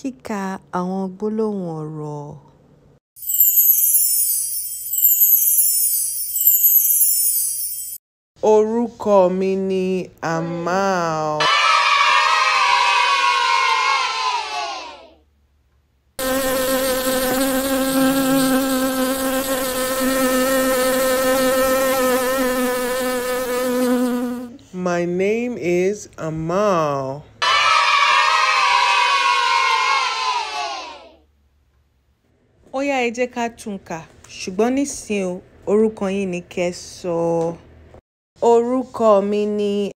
Kíka àwọn gbólóhùn ọ̀rọ̀ Orúkọ mi ni Amal. My name is Amal. ó yá ẹ jẹ́ ká tún kà ṣùgbọ́n nísìn o orúkọ yín ni kẹ́ ẹ sọ. orúkọ mi ni.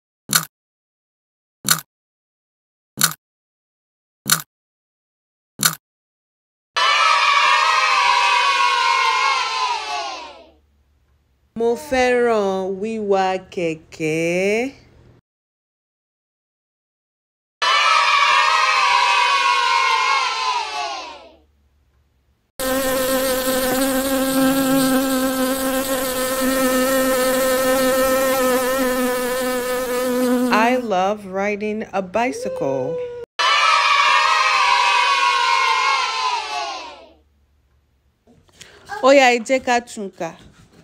mo fẹ́ràn wíwa kẹ̀kẹ́. love riding a bicycle. Oya, yá ẹ jẹ́ ká tún kà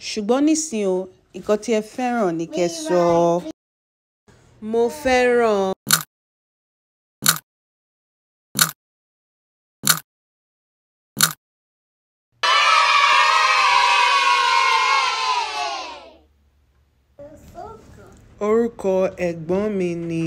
ṣùgbọ́n nísìnyí o nǹkan tí ẹ fẹ́ràn ni kẹ́ sọ. mo fẹ́ràn. orúkọ ẹ̀gbọ́n mi ni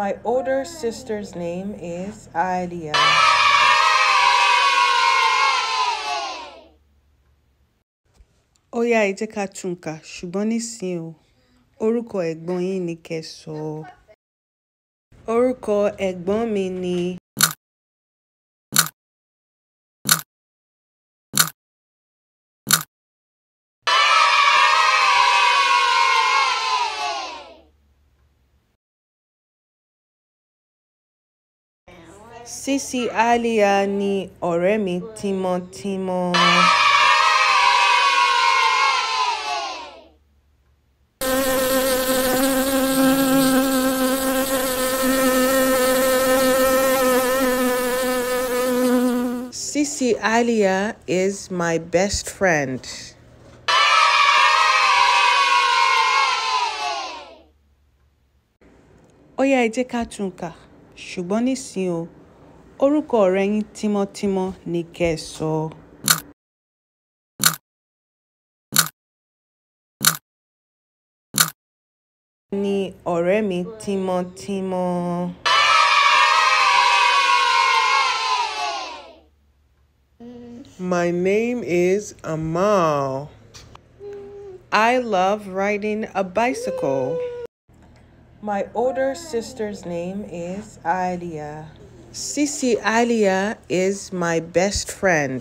My older sister's name is Alia. Ó yá ẹ jẹ́ ká túnkà ṣùgbọ́n nísìnyí o. Orúkọ ẹ̀gbọ́n yín ni kẹ́ sọ. Orúkọ ẹ̀gbọ́n mi ni. Sisi Aliya ni ọ̀rẹ́ mi tímọ́tímọ́. see Alia is my best friend. Ó yá ẹ jẹ́ ká tún kà ṣùgbọ́n nísìnyí o orúkọ ọ̀rẹ́ yín tímọ́tímọ́ ni kẹ́ ẹ sọ. Ni ọ̀rẹ́ mi tímọ́tímọ́. My name is Amal. I love riding a bicycle. My older sister's name is Alia. Sisi Alia is my best friend.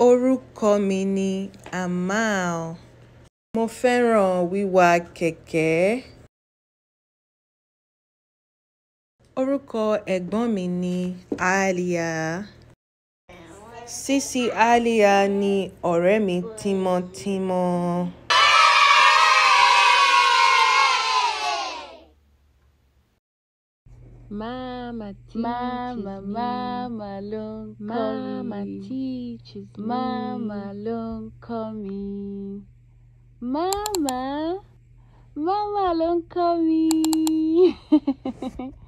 Orúkọ komini Amal. Mo fẹ́ràn wíwa kẹ̀kẹ́. Orúkọ ẹ̀gbọ́n mi ni Alia. Sisi Alia ni ọ̀rẹ́ mi tímọ́tímọ́. Mama teaches Mama, me. Mama long Mama me. teaches Mama me. long call me. Mama, Mama long call me.